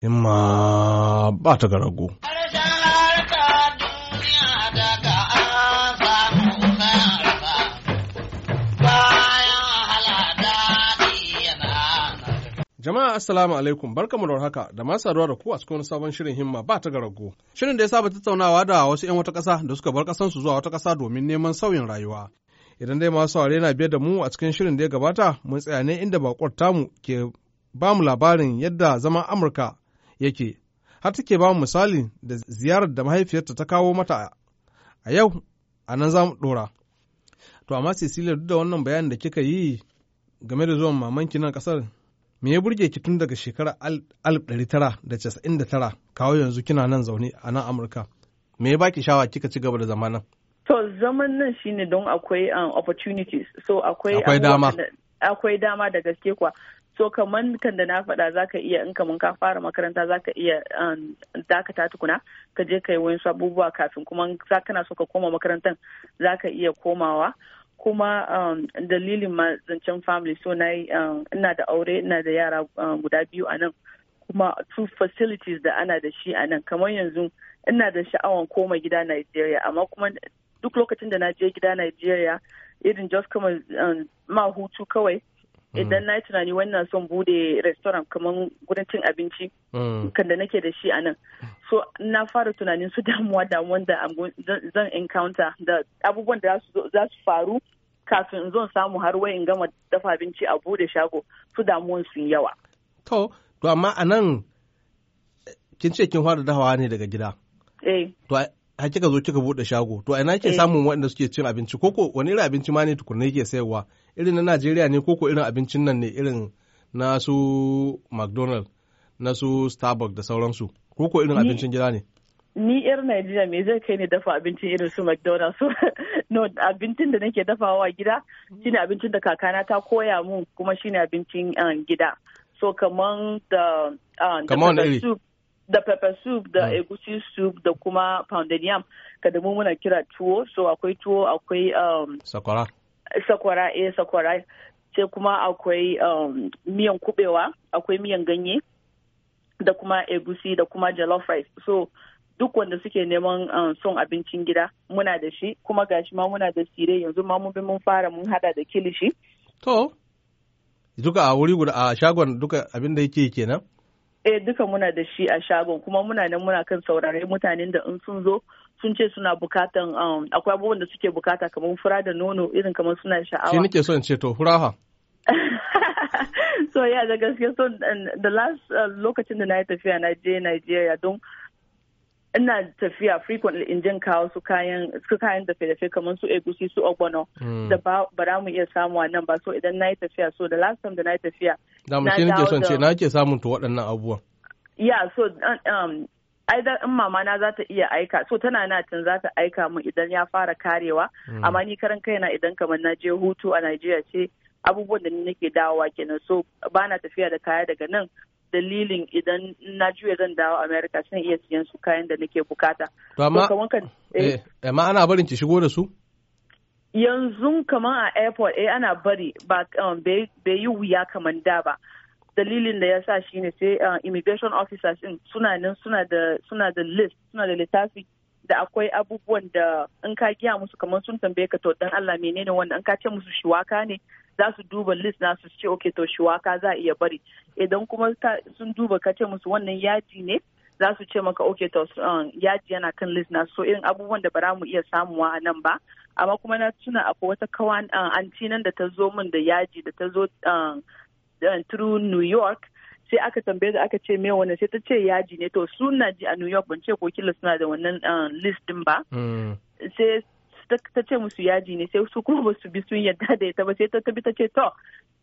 himma ba ta ga Jama'a Assalamu alaikum barkamu da haka da masu saduwa da ku a cikin sabon shirin himma ba ta garago. Shirin da ya saba tattaunawa da wasu 'yan wata ƙasa da suka bar ƙasansu zuwa wata ƙasa domin neman sauyin rayuwa. Idan dai masu saurare na biyar da mu a cikin shirin da ya gabata mun tsaya ne inda bakwar tamu ke bamu labarin yadda zaman Amurka yake har take ba misali da ziyarar da mahaifiyarta ta kawo mata a yau a nan za mu ɗora. To amma Cecilia duk da wannan bayanin da kika yi game da zuwan mamanki nan ƙasar me ya burge ki tun daga shekarar alif ɗari tara da da casa'in tara kawo yanzu kina nan zaune a nan Amurka. Me ya baki shawa kika ci gaba da zaman nan? To zaman nan shine don akwai um, opportunities. So akwai dama. Akwai dama da gaske kuwa. so kaman kan da na faɗa zaka iya in ka fara makaranta zaka iya um, dakata tukuna ka je ka yi wani abubuwa kafin kuma za na so ka koma makarantar zaka iya komawa kuma um, dalilin ma zancen family so na yi um, ina da aure ina da yara guda biyu a nan kuma two facilities da ana da shi a nan kamar yanzu ina da sha'awan koma gida Nigeria amma kuma duk lokacin da na je gida Nigeria irin just kamar ma hutu kawai Mm. idan na yi tunani wannan son bude restaurant kamar gurin cin abinci mm. kan da nake da shi a nan so na fara tunanin su damuwa da wanda zan encounter da abubuwan da za su faru kafin zan samu har wai in gama dafa abinci a bude shago su damuwan sun yawa to to amma a nan eh, kin ce kin fara dahawa ne daga gida eh to har kika zo kika bude shago to ina ke eh. samun waɗanda suke cin abinci koko wani irin abinci ma ne tukunna yake sayarwa irin na Najeriya ne koko irin abincin nan ne irin na su McDonald na su Starbucks da sauransu koko irin abincin gida ne ni yar Najeriya me zai kai ne dafa abincin irin su McDonald's no abincin da nake dafawa gida shine abincin da kakana ta koya mun kuma shine abincin ah, gida so kaman da ah, kaman soup da pepper soup da mm. egusi soup da kuma pounded yam kada mu muna kira tuwo so akwai tuwo akwai um, sakwara sakwara eh sakwara sai kuma akwai um, miyan kubewa akwai miyan ganye da kuma egusi da kuma jollof rice so duk wanda suke neman um, son abincin gida muna da shi kuma gashi ma muna da sire yanzu ma mun bi mun fara mun hada da kilishi to duka a wuri guda a shagon duka abin da yake kenan eh duka muna da shi a shagon kuma muna nan muna kan saurare mutanen da in sun zo sun ce suna bukatan um, akwai abubuwan da suke bukata kamar fura da nono irin kamar suna sha'awa shi nake son ce to fura so ya da gaske so um, the last uh, lokacin da na yi tafiya na je Nigeria don ina tafiya frequently in jin kawo su kayan su kayan da fefe kamar su egusi su ogbono mm. da ba ba mu iya samu nan ba so idan na yi tafiya so the last time da na yi tafiya da mu nake son ce na ke samun to waɗannan abubuwan ya so um, um, aida in mama na za ta iya aika so tana na tun za ta aika mu idan ya fara karewa hmm. amma ni karan kaina idan kamar na je hutu a Najeriya ce abubuwan da ni nake dawowa kenan so ba na tafiya da kaya daga nan dalilin idan na juya zan dawo America sun iya siyan su kayan da nake bukata. To amma eh, eh. Eh, ana barin ki shigo da su? yanzu kaman a airport eh ana bari ba um, bai yi wuya kamar da ba dalilin da ya sa shi ne sai uh, immigration officers in suna nan suna da list suna da littafi da akwai abubuwan da in ka giya musu kaman sun tambaye ka to dan Allah menene wannan in ka ce musu shiwaka ne za su duba list na su ce okay to shiwaka za a iya bari idan kuma sun duba ka ce musu wannan yaji ne za su ce maka okay to um, yaji yana kan list na so irin abubuwan da bara mu iya samuwa a nan ba amma kuma na tuna akwai wata kawa um, anti nan da ta zo min da yaji da ta zo um, through New York sai aka tambaye da aka ce me wannan sai ta ce yaji ne to suna ji a New York ban ce ko kila suna da wannan list din ba mm. sai ta ce musu yaji ne sai su kuma basu bi sun yadda da ita ba sai ta tabi ta ce to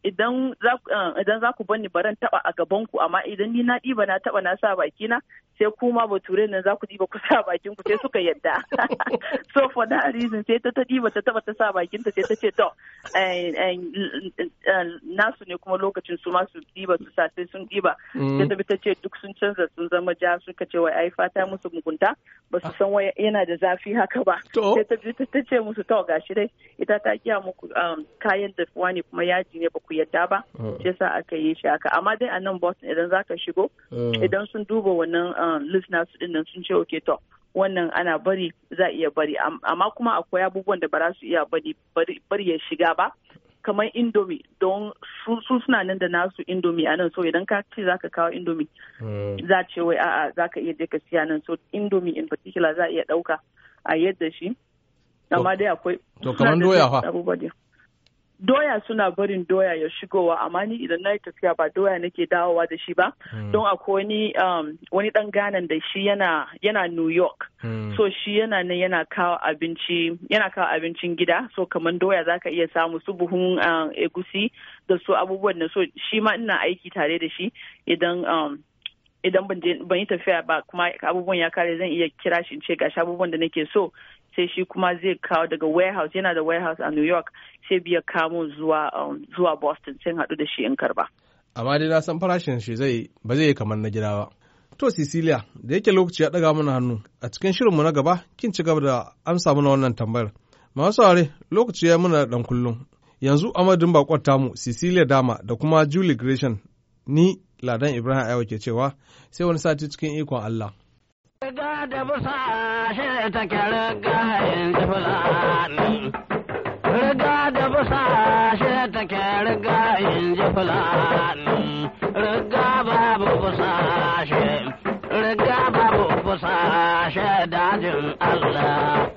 idan za ku eh, ni baran taba a gaban ku amma idan ni na diba na taba na sa baki na sai kuma bature nan za ku ɗiba ku sa bakin ku sai suka yadda so for that reason sai ta diba ta taba ta sa bakin ta sai ta ce to eh, eh, nasu ne kuma lokacin su ma su ɗiba su sa sai sun ɗiba mm. sai ta bi ta ce duk sun canza sun zama ja suka ce wai ai fata musu mugunta ba su ah. san wai yana da zafi haka ba sai ta bi ta ta ce musu to shi dai ita ta kiya muku um, kayan dafuwa ne kuma yaji ne ba ku yadda ba oh. shi yasa aka yi shi haka amma dai a nan Boston idan zaka shigo oh. idan sun duba wannan um, list nasu din nan sun ce okay to wannan ana bari za iya bari amma kuma akwai abubuwan da ba za su iya bari ya shiga ba kamar indomi don su suna nan da nasu indomi a nan so idan ka ce zaka kawo indomi oh. za ce wai a'a zaka iya je ka siya nan so indomi in particular za iya dauka a yadda shi amma dai akwai to kamar doya fa doya suna barin doya ya shigowa amma ni idan na yi tafiya ba doya nake dawowa da shi ba hmm. don akwai wani um, wani dan ganan da shi yana yana New York hmm. so shi yana nan yana kawo abinci yana kawo abincin gida so kamar doya zaka iya samu su buhun um, egusi da su abubuwan so shi ma ina aiki tare da shi idan um, idan ban yi tafiya ba kuma abubuwan ya kare zan iya kira shi in ce gashi abubuwan da nake so sai shi kuma zai kawo daga warehouse yana da warehouse a new york sai biya kamo zuwa um, boston sai haɗu da shi in karba amma dai na san farashin shi zai ba zai yi kamar na gida ba to cecilia da yake lokaci ya ɗaga mana hannu a cikin shirin mu na gaba kin ci gaba da amsa mana wannan tambayar masu saurare lokaci ya muna dan kullum yanzu amadin bakon tamu cecilia dama da kuma julie gresham ni ladan ibrahim ayawa ke cewa sai wani sati cikin ikon allah da busa shi take riga yin jifulani, Riga da busa shi take riga yin jifulani, Riga babu busa shi, riga babu busa shi dajin Allah.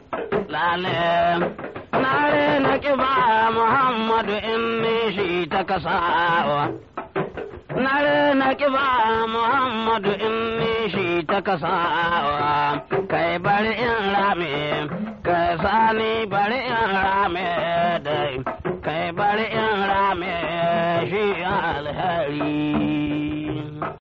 Lale, na na kiba Muhammadu in shi ta kasawa. na na kiba Muhammadu in ni shi ta kasawa, kai bari in rame, kai sani bari in rame dai, kai bari in rame shi alheri.